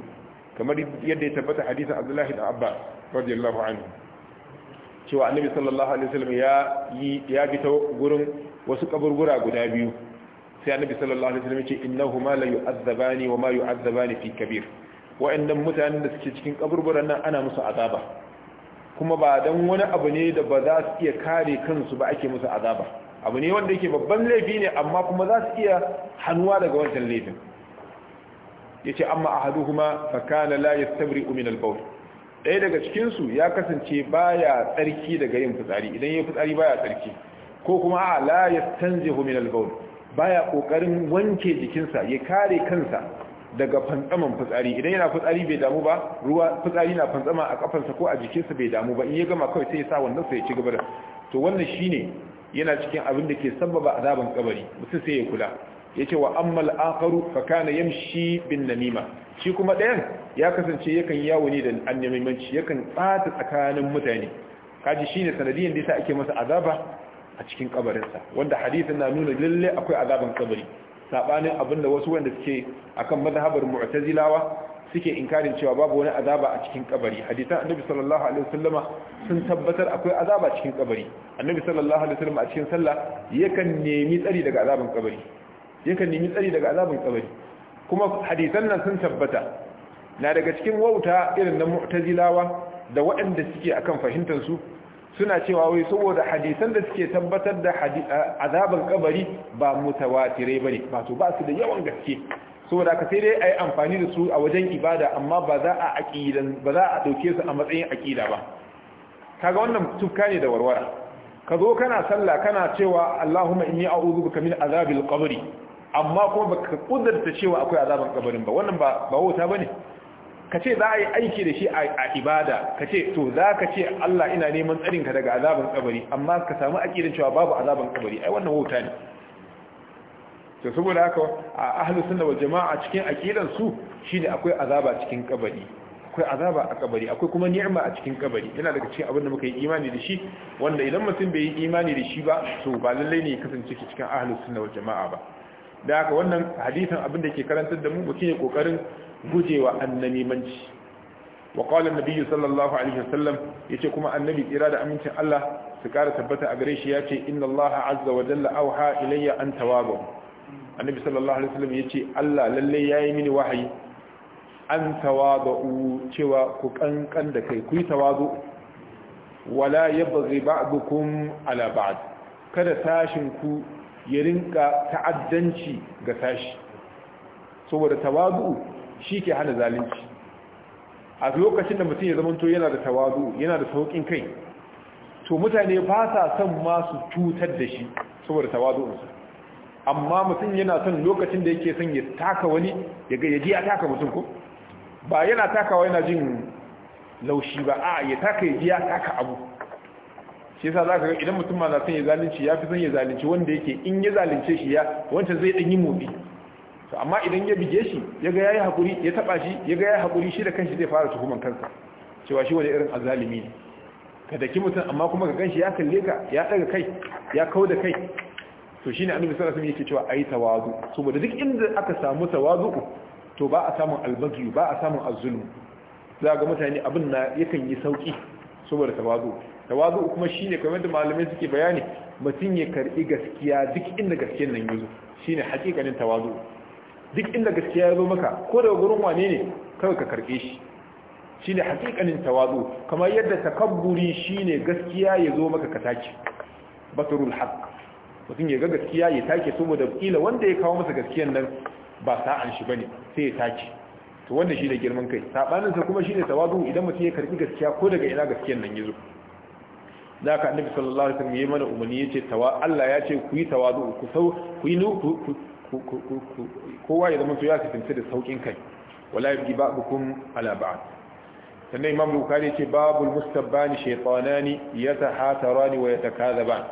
kamar yadda ya tabbata hadisin abdullahi da abba radiyallahu anhu cewa annabi sallallahu alaihi wasallam ya yi ta gurin wasu kaburgura guda biyu sai annabi sallallahu alaihi wasallam ya ce innahuma la yu'azzabani wa ma fi kabir wa'annan mutanen da suke cikin kaburburan nan ana musu azaba kuma ba don wani abu ne da ba za su iya kare kansu ba ake musu azaba abu ne wanda yake babban laifi ne amma kuma za su iya hannuwa daga wancan laifin ya ce amma a hadu kuma fakana la ya sabri umin ɗaya daga cikinsu ya kasance baya tsarki daga yin fitsari idan yin fitsari baya tsarki ko kuma a la ya tanzihu min albaul baya kokarin wanke jikinsa ya kare kansa daga fantsaman fitsari idan yana fitsari bai damu ba ruwa fitsari na fantsama a kafarsa ko a jikinsa bai damu ba in ya gama kawai sai ya sa wannan sai ya ci gaba da to wannan shine yana cikin abin da ke sabbaba azaban kabari mutum sai ya kula yace wa ammal akharu fa kana yamshi bin namima shi kuma dayan ya kasance yakan yawo ne da annamimanci yakan tsata tsakanin mutane kaji shine sanadiyan da yasa ake masa azaba a cikin kabarinsa wanda hadisin na nuna lalle akwai azaban kabari sabanin abinda wasu wanda suke akan mazhabar mu'tazilawa suke inkarin cewa babu wani azaba a cikin kabari hadisan annabi sallallahu alaihi wasallama sun tabbatar akwai azaba a cikin kabari annabi sallallahu alaihi wasallama a cikin sallah yakan nemi tsari daga azabin kabari yakan nemi tsari daga azaban kabari kuma hadisan nan sun tabbata na daga cikin wauta irin na mu'tazilawa da waɗanda suke akan fahimtar su suna cewa wai saboda hadisan da suke tabbatar da azabar kabari ba mutawatirai bane ba to ba su da yawan gaske saboda ka sai dai yi amfani da su a wajen ibada amma ba za a aqidan ba za a dauke su a matsayin aqida ba kaga wannan tufka ne da warwara ka zo kana sallah kana cewa Allahumma inni a'udhu bika min azabil qabri amma kuma baka kudurta cewa akwai azaban kabarin ba wannan ba ba wuta bane ka ce za a yi aiki da shi a ibada ka ce to za ka ce Allah ina neman tsarinka daga azaban kabari amma ka samu aƙirin cewa babu azaban kabari ai wannan wauta ne to saboda haka a ahlus sunna wal jama'a cikin aqidan su shine akwai azaba cikin kabari akwai azaba a kabari akwai kuma ni'ima a cikin kabari yana daga cikin abin da muka yi imani da shi wanda idan mutum bai yi imani da shi ba to ba lallai ne ya kasance cikin ahlus sunna wal jama'a ba da haka wannan hadisin abin da ke karantar da mu mutum ya kokarin gujewa annamimanci wa qala an-nabiy sallallahu alaihi wasallam yace kuma annabi tsira da amincin Allah su kara tabbata a gare shi yace inna Allah azza wa jalla auha ilayya an tawabu annabi sallallahu alaihi wasallam yace Allah lalle yayi mini wahayi an tawadu cewa ku kankan da kai ku yi tawadu wala yabghi ba'dukum ala ba'd kada tashin ku ya rinka ta'addanci ga sashi saboda tawazu shi ke hana zalunci a lokacin da mutum ya zamanto yana da tawazu yana da saukin kai to mutane ba sa son ma su cutar da shi saboda tawazu'unsa amma mutum yana son lokacin da yake son ya taka wani ya ga yaji ya taka mutum ko ba yana takawa yana jin laushi ba a ya taka yaji ya taka abu shi yasa ka ga idan mutum ma na son ya zalunci ya fi son ya zalunci wanda yake in ya zalunce shi ya wancan zai dan yi motsi to amma idan ya bige shi ya ga yayi hakuri ya taba shi ya ga yayi hakuri shi da kanshi zai fara tuhuman kansa cewa shi wani irin azalimi ne ka daki mutum amma kuma ka ganshi ya kalle ka ya daga kai ya kau da kai to shine annabi sallallahu alaihi wasallam yake cewa ayi tawazu saboda duk inda aka samu tawazu to ba a samun albagyu ba a samun azzulmu za ga mutane abin na yakan yi sauki saboda tawazu tawazu kuma shine kamar da malamai suke bayani mutum ya karbi gaskiya duk inda gaskiyar nan yazo shine hakikanin tawazu duk inda gaskiya yazo maka ko daga gurin wane ne kawai ka karbe shi shine hakikanin tawazu kamar yadda takabburi shine gaskiya yazo maka ka take batrul haqq mutum ya ga gaskiya ya take saboda kila wanda ya kawo masa gaskiyar nan ba sa an shi bane sai ya take to wanda shi ne girman kai sabanin sa kuma shine tawazu idan mutum ya karbi gaskiya ko daga ina gaskiyar nan yazo da ka annabi sallallahu alaihi wasallam yayi mana umarni yace tawa Allah ya ce ku yi tawadu ku sau ku yi ku kowa ya zama su ya kasance da saukin kai wala yabgi ba'dukum ala ba'd sannan imam bukhari yace babul mustabbani shaytanani yatahatarani wa yatakadhaban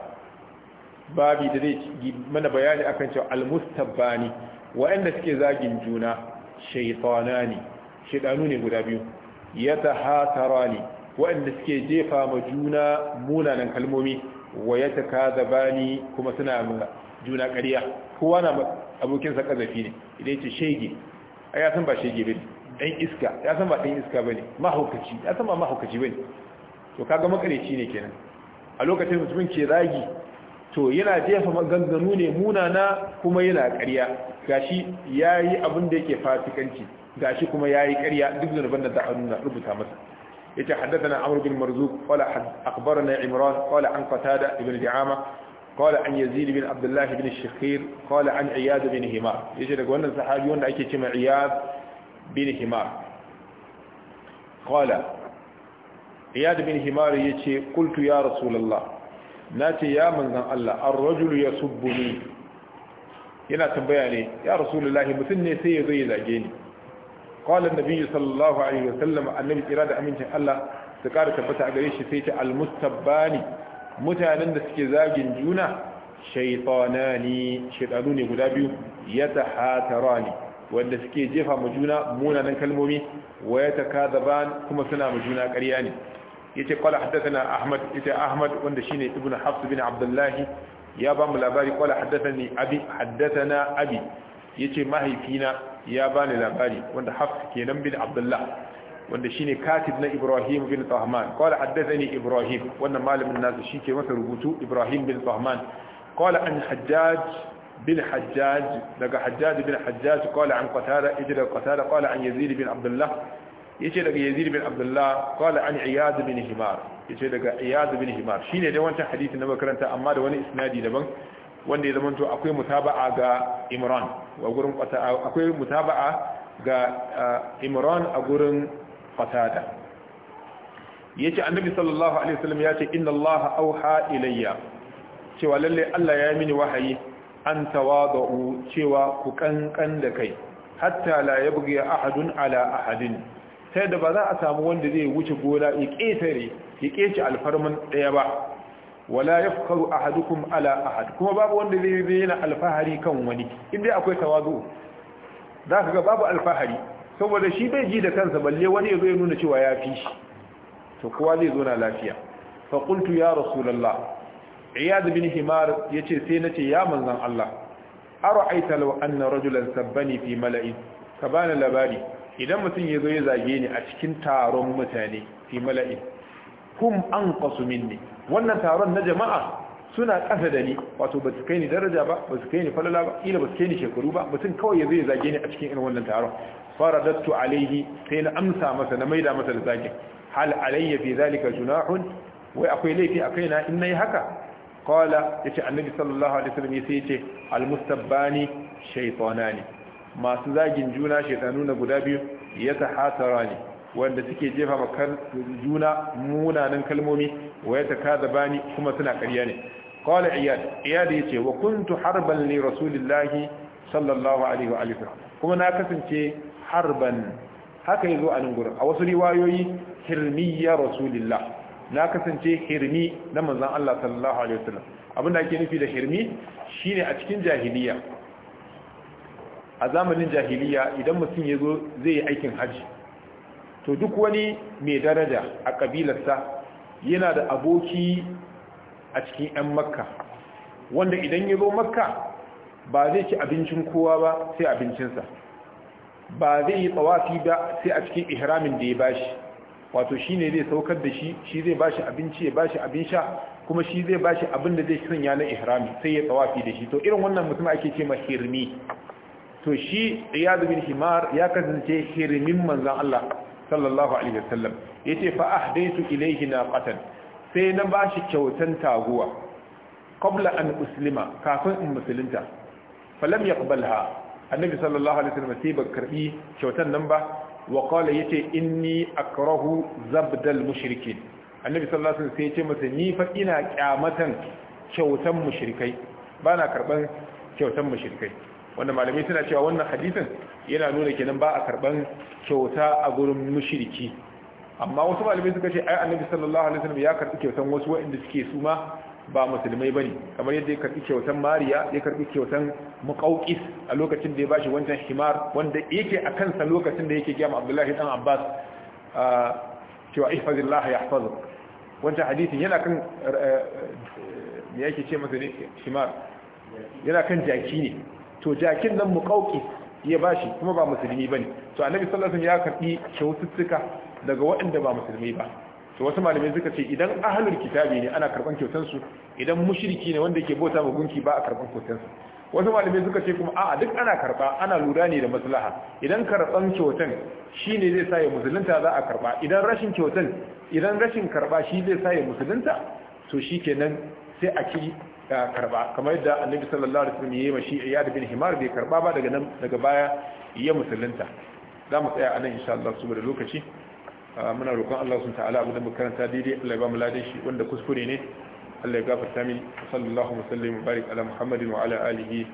babi da zai mana bayani akan cewa al mustabbani wa'anda suke zagin juna shaytanani shedanu ne guda biyu yatahatarani waɗanda suke jefa ma juna munanan kalmomi wa ya takazabani kuma suna ma juna ƙarya kowa na abokin sa ƙazafi ne idan ce shege ya san ba shege bane ɗan iska ya san ba ɗan iska bane mahaukaci ya san ba mahaukaci bane to kaga makareci ne kenan a lokacin mutumin ke zagi to yana jefa maganganu ne munana kuma yana ƙarya gashi yayi abin da yake fasikanci gashi kuma yayi ƙarya duk zanuban da za a nuna rubuta masa yace haddathana amr bin marzuq qala akhbarana imran qala an qatada ibn di'ama qala an yazid bin abdullah bin shakhir qala an iyad bin himar yace daga wannan sahabi wanda ake cewa iyad bin himar qala iyad bin himar yace qultu ya rasulullah nace ya manzan Allah ar-rajulu yasubbuni yana tambaya ne ya rasulullahi mutum ne sai ya zo ya zage ni qala an-nabi sallallahu alaihi wasallam annabi kira da amincin Allah su kara tabbata a gare shi sai ta al-mustabbani mutanen da suke zagin juna shaytanani shaytanu ne guda biyu ya yatahatarani wanda suke jefa mu juna munanan kalmomi wa yatakadaban kuma suna mu juna ƙarya ne yace qala haddathana ahmad yace ahmad wanda shine ibnu hafs bin abdullahi ya bamu mu labari qala na abi haddathana abi yace mahaifina ya ba ni labari wanda hafs kenan bin abdullah wanda shine katib na ibrahim bin tahman qala haddathani ibrahim wannan malamin nasu ke masa rubutu ibrahim bin tahman qala an hajjaj bin hajjaj daga hajjaj bin hajjaj qala an qatada idra qatada qala an yazid bin abdullah yace daga yazid bin abdullah qala an iyad bin himar yace daga iyad bin himar shine dai wancan hadisi na makaranta amma da wani isnadi daban wanda ya zamanto akwai mutaba'a ga imran wa gurin akwai mutaba'a ga imran a gurin qatada yace annabi sallallahu alaihi wasallam yace inna allaha auha ilayya cewa lalle Allah ya mini wahayi an tawadu cewa ku kankan da kai hatta la yabghi ahadun ala ahadin sai da ba za a samu wanda zai wuce gona ya ketare ya kece alfarman daya ba wala yafkaru ahadukum ala ahad kuma babu wanda zai yana alfahari kan wani inda akwai tawazu za ka ga babu alfahari saboda shi bai ji da kansa balle wani ya zo ya nuna cewa ya fi shi to kowa zai zo na lafiya fa ya rasulallah iyad bin himar yace sai na ce ya manzon Allah ara'aita law anna rajulan sabbani fi mala'in ka bani labari idan mutum ya zo ya zage ni a cikin taron mutane fi mala'in an anqasu minni wannan taron na jama'a suna ƙasa da ni wato ba su kai ni daraja ba ba su kai ni falala ba ila ba su kai ni shekaru ba mutum kawai ya zai zage ni a cikin irin wannan taron fara dattu alaihi sai na amsa masa na maida masa da zagin hal alayya fi zalika junahun wai akwai laifi a kaina in nayi haka qala yace annabi sallallahu alaihi wasallam yace yace al mustabbani shaytanani masu zagin juna shaytanu na guda biyu yatahatarani wanda suke jefa ma juna munanan kalmomi wa ya bani kuma suna ƙarya ne qala iyad iyad yace wa kuntu harban li rasulillahi sallallahu alaihi wa alihi kuma na kasance harban haka yazo a nan gurin a wasu riwayoyi hirmiya rasulillah na kasance hirmi na manzon Allah sallallahu alaihi wa abin da ake nufi da hirmi shine a cikin jahiliya a zamanin jahiliya idan mutum yazo zai yi aikin hajji. to duk wani mai daraja a kabilarsa yana da aboki a cikin 'yan makka wanda idan ya zo makka ba zai ci abincin kowa ba sai abincinsa ba zai yi tsawafi ba sai a cikin ihramin da ya bashi wato shi ne zai saukar da shi shi zai bashi abinci ya bashi abin sha kuma shi zai bashi abin da zai sanya na ihrami sai ya tsawafi da shi to irin wannan mutum ake ce ma hirmi to shi ya bin himar ya kasance hirmin manzan Allah sallallahu alaihi wasallam yace fa ahdaytu ilayhi naqatan sai na bashi kyautan taguwa qabla an uslima kafin in musulunta falam yaqbalha annabi sallallahu alaihi wasallam sai ba karɓi kyautan nan ba wa qala yace inni akrahu zabdal mushrikin annabi sallallahu alaihi wasallam sai yace masa ni fa ina kyamatan kyautan mushrikai bana karban kyautan mushrikai wanda malamai suna cewa wannan hadisin yana nuna kenan ba a karban kyauta a gurin mushriki amma wasu malamai suka ce ai annabi sallallahu alaihi wasallam ya karbi kyautan wasu waɗanda suke su ma ba musulmai bane kamar yadda ya karbi kyautan mariya ya karbi kyautan muqawqis a lokacin da ya bashi wancan himar wanda yake a kansa lokacin da yake kiyama abdullahi dan abbas cewa ihfazillah yahfazuk wancan hadisin yana kan eh, eh, me yake ce masa ne himar yana kan jaki ne to jakin nan mu muƙauƙi ya bashi kuma ba musulmi bane to annabi sallallahu alaihi wasallam ya karbi kyaututtuka daga waɗanda ba musulmi ba to wasu malamai suka ce idan ahlul kitabi ne ana karban kyautan su idan mushriki ne wanda yake bauta ma gunki ba a karban kyautan su wasu malamai suka ce kuma a'a duk ana karba ana lura ne da maslaha idan karban kyautan shine zai sa ya musulunta za a karba idan rashin kyautan idan rashin karba shi zai sa ya musulunta to shikenan sai a ci karba kamar yadda annabi sallallahu alaihi wasallam yayi mashi iyad bin himar bai karba ba daga nan daga baya ya musulunta za mu tsaya anan insha Allah saboda lokaci ah, muna roƙon Allah subhanahu ta'ala abu da karanta daidai Allah ya ba mu ladan shi wanda kuskure ne Allah ya gafarta min sallallahu alaihi wasallam barik ala muhammadin wa ala alihi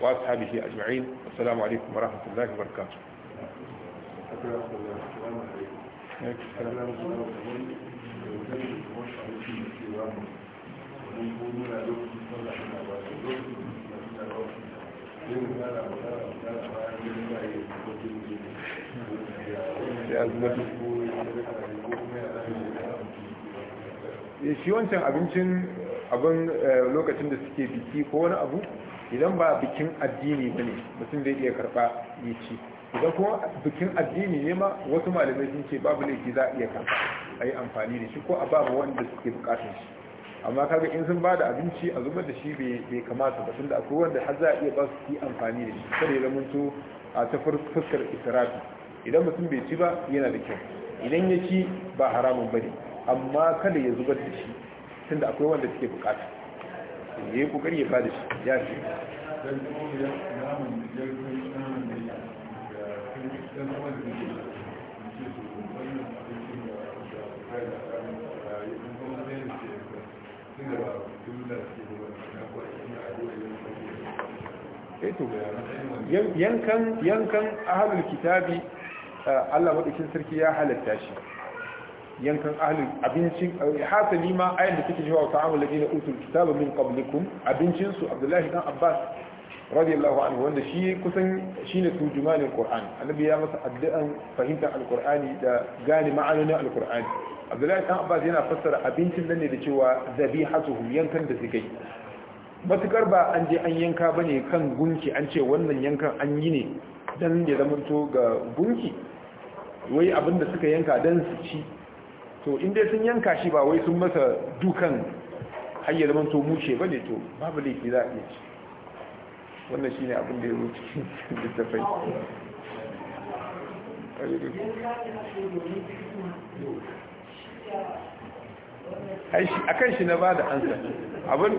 wa ashabihi ajma'in assalamu alaikum wa rahmatullahi wa barakatuh Thank you. Eh, shi wancan abincin eh, abin eh, lokacin da suke biki ko wani abu idan ba bikin addini ba ne mutum zai iya karba ya ci idan kuma bikin addini ne ma wasu malamai sun ce babu laifi za a iya karba a yi amfani da shi ko a babu wanda suke bukatun shi amma kaga in sun bada abinci a zubar da shi bai kamata ba tunda akwai wanda har za a iya ba su yi amfani da shi kada ya to a ta fuskar israfi idan mutum bai ci ba yana da kyau idan ya ci ba haramun bane amma kada ya zubar da shi tunda akwai wanda suke bukata ya yi kokari ya bada shi ya fi da you. yankan yankan ahlul kitabi eh, Allah madaukin sarki ya halatta shi yankan ahlul abincin eh, hasali ma ayat da take cewa ta'amul ladina utul kitaba min qablikum abincin su Abdullahi dan Abbas radiyallahu anhu wanda shi kusan shine tujumanin Qur'ani annabi ya masa addu'an fahimtar alqur'ani da gane ma'anonin alqur'ani Abdullahi dan Abbas yana fassara abincin nan ne da cewa zabihatuhum yankan da suke matukar ba an je an yanka ba ne kan gunki an ce wannan yankan an yi ne don ya to ga gunki wai abinda suka yanka don su ci to inda sun yanka shi ba wai sun masa dukan har zama to muce ba ne to babu laifi za a iya ci wannan shi ne abinda ya ruci littafai a kan shi na ba da ansa abin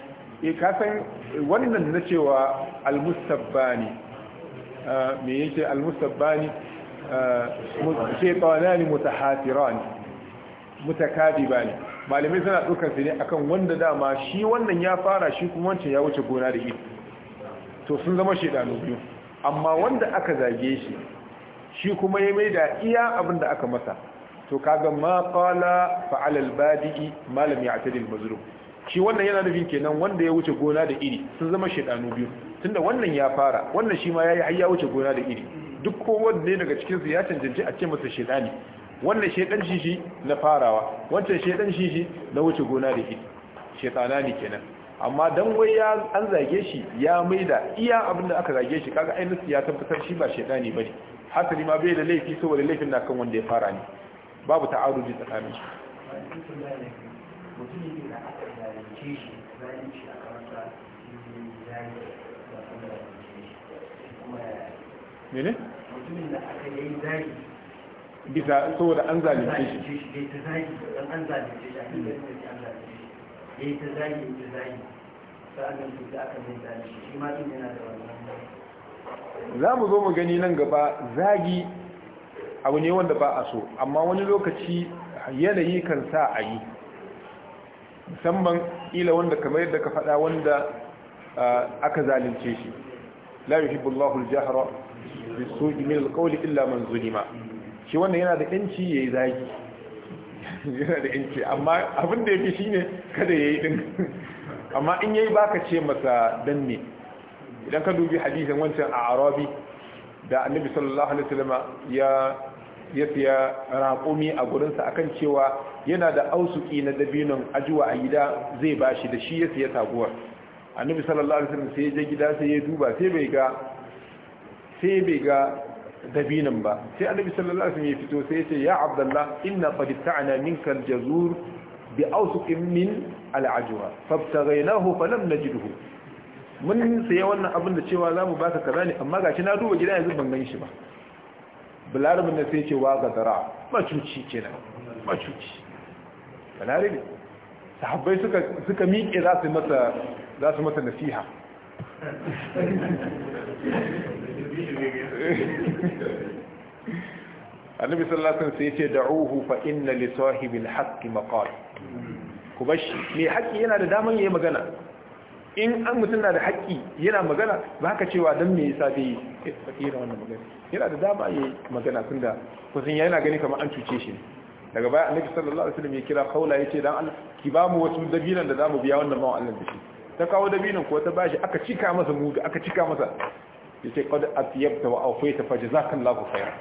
e kasan wannan na cewa al-mustapha al-mustabbani me yake al-mustabbani shaytanani mutahatirani mutakadibani malamai suna dukkan su ne akan wanda dama shi wannan ya fara shi kuma wancan ya wuce gona da ita to sun zama shaytanu biyu amma wanda aka zage shi shi kuma ya mai da iya abin da aka masa to kaga ma qala fa al badi'i malam ya'tadi al mazlum shi wannan yana nufin kenan wanda ya wuce gona da iri sun zama shedanu biyu tunda wannan ya fara wannan shi ma yayi har ya wuce gona da iri duk kowanne daga cikin su ya cancanci a ce masa shedani wannan shedan shi shi na farawa wancan shedan shi shi na wuce gona da iri shedana ne kenan amma dan wai ya an zage shi ya maida iya abin da aka zage shi kaga ainihin ya tabbatar shi ba shedani bane hasali ma bai da laifi saboda laifin na kan wanda ya fara ne babu ta'aruji tsakanin su mutum ne da aka zalunce shi zalunci a kansa mene? mutumin da aka yi zari bisa saboda an zalunce shi ya ta zari don an zalunce shi a kan da an zalunce shi ya ta zari ya ta zari sa'adun su da aka zai zalunce shi ma din yana da wannan za mu zo mu gani nan gaba zagi abu ne wanda ba a so amma wani lokaci yanayi kan sa a yi musamman ila wanda kamar yadda ka faɗa wanda aka zalunce shi la yuhibbullahu al-jahra bisu'i min al-qawli illa man zulima shi wannan yana da yanci yayi zagi yana da yanci amma abin da yake shine kada yayi din amma in yayi baka ce masa danne idan ka dubi hadisin wancan a arabi da annabi sallallahu alaihi wasallam ya ya siya raƙumi a gurinsa akan cewa yana da ausuki na dabinin ajuwa a gida zai ba shi da shi ya siya taguwar annabi sallallahu alaihi wasallam sai ya gida sai ya duba sai bai ga sai bai ga dabinin ba sai annabi sallallahu alaihi wasallam ya fito sai ya ce ya abdullah inna qad ta'ana minkal jazur bi awsuqin min al-ajwa fabtaghaynahu falam najidhu mun sai wannan abin da cewa zamu baka kaza ne amma gashi na duba gida yanzu ban gan shi ba balarabin da sai ce wa gazara macuci kenan macuci balarabi sahabbai suka suka miƙe za su masa za su masa nasiha annabi sallallahu alaihi wasallam sai ce da'uhu fa inna li sahibil haqqi maqal ku bashi mai haƙƙi yana da daman yayi magana in an mutum na da haƙƙi yana magana ba ka cewa don me yasa bai yi eh, wannan magana yana da dama yi magana tun da kusan yana gani kamar an cuce shi daga baya annabi sallallahu alaihi wasallam ya kira kaula yace dan Allah ki ba mu wasu dabinan da zamu biya wannan mawa Allah da shi ta kawo dabinan ko ta bashi aka cika masa mu aka cika masa yace qad atyabta wa awfaita fajazakallahu khairan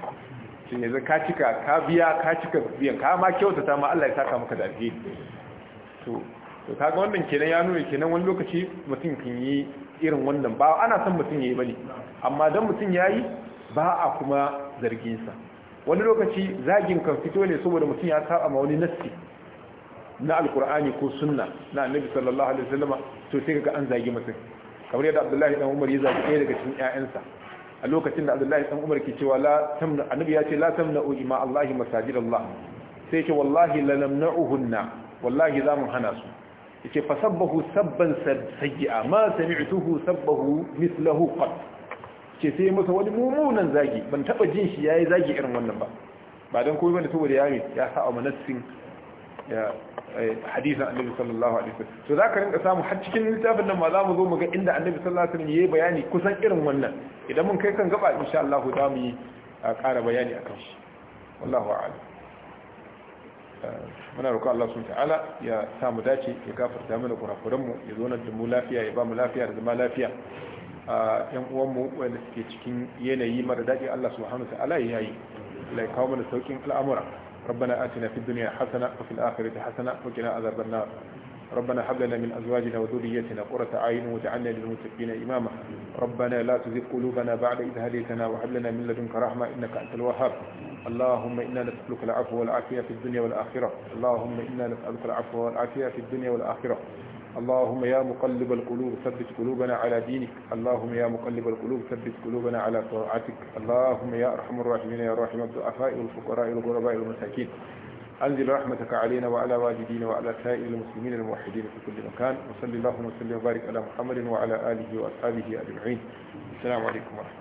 shi ne ka cika ka biya ka cika biyan ka ma kyautata ma Allah ya saka maka da alheri to to kaga wannan kenan ya nuna kenan wani lokaci mutum kan yi irin wannan ba ana son mutum yayi bane amma dan mutum yayi ba a kuma zargin sa wani lokaci zagin kan fito ne saboda mutum ya saba ma wani nassi na alqur'ani ko sunna na annabi sallallahu alaihi wasallama to sai kaga an zagi mutum kamar yadda Abdullahi dan Umar ya zagi ɗaya daga cikin ƴaƴansa a lokacin da Abdullahi dan Umar ke cewa la tamna annabi ya ce la tamna ima Allahi masajid Allah sai ce wallahi la namna'uhunna wallahi za mu hana su yace fasabbahu sabban sayyi'a ma sami'tuhu sabbahu mithlahu qat ce sai masa wani mumunan zagi ban taba jin shi yayi zagi irin wannan ba ba dan koyi bane saboda yayi ya sa a manassin eh, hadisin annabi sallallahu alaihi wasallam to zaka rinka samu har cikin littafin nan ma za mu zo mu ga inda annabi sallallahu alaihi wasallam yayi bayani kusan irin wannan idan mun kai kan gaba insha Allah za mu yi ƙara bayani akan shi wallahu a'lam muna roƙon Allah subhanahu ta'ala ya sa mu dace ya gafarta mana kurakuran mu ya zonar da mu lafiya ya ba mu lafiya da zama lafiya a yan uwan mu wanda suke cikin yanayi mara daɗi Allah subhanahu ta'ala ya yi lai kawo mana saukin al'amura ربنا آتنا في الدنيا حسنة وفي الآخرة حسنة وقنا عذاب النار ربنا هب لنا من أزواجنا وذريتنا قرة أعين واجعلنا للمتقين إماما ربنا لا تزغ قلوبنا بعد إذ هديتنا وهب لنا من لدنك رحمة إنك أنت الوهاب اللهم إنا نسألك العفو والعافية في الدنيا والآخرة اللهم إنا نسألك العفو والعافية في الدنيا والآخرة اللهم يا مقلب القلوب ثبت قلوبنا على دينك اللهم يا مقلب القلوب ثبت قلوبنا على طاعتك اللهم يا أرحم الراحمين يا راحم الضعفاء والفقراء والغرباء والمساكين أنزل رحمتك علينا وعلى والدينا وعلى سائر المسلمين الموحدين في كل مكان وصلى اللهم وسلم وبارك على محمد وعلى آله وأصحابه أجمعين السلام عليكم ورحمة الله